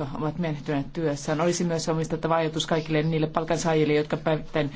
jotka ovat menehtyneet työssään. Olisi myös omistettava ajatus kaikille niille palkansaajille, jotka päivittäin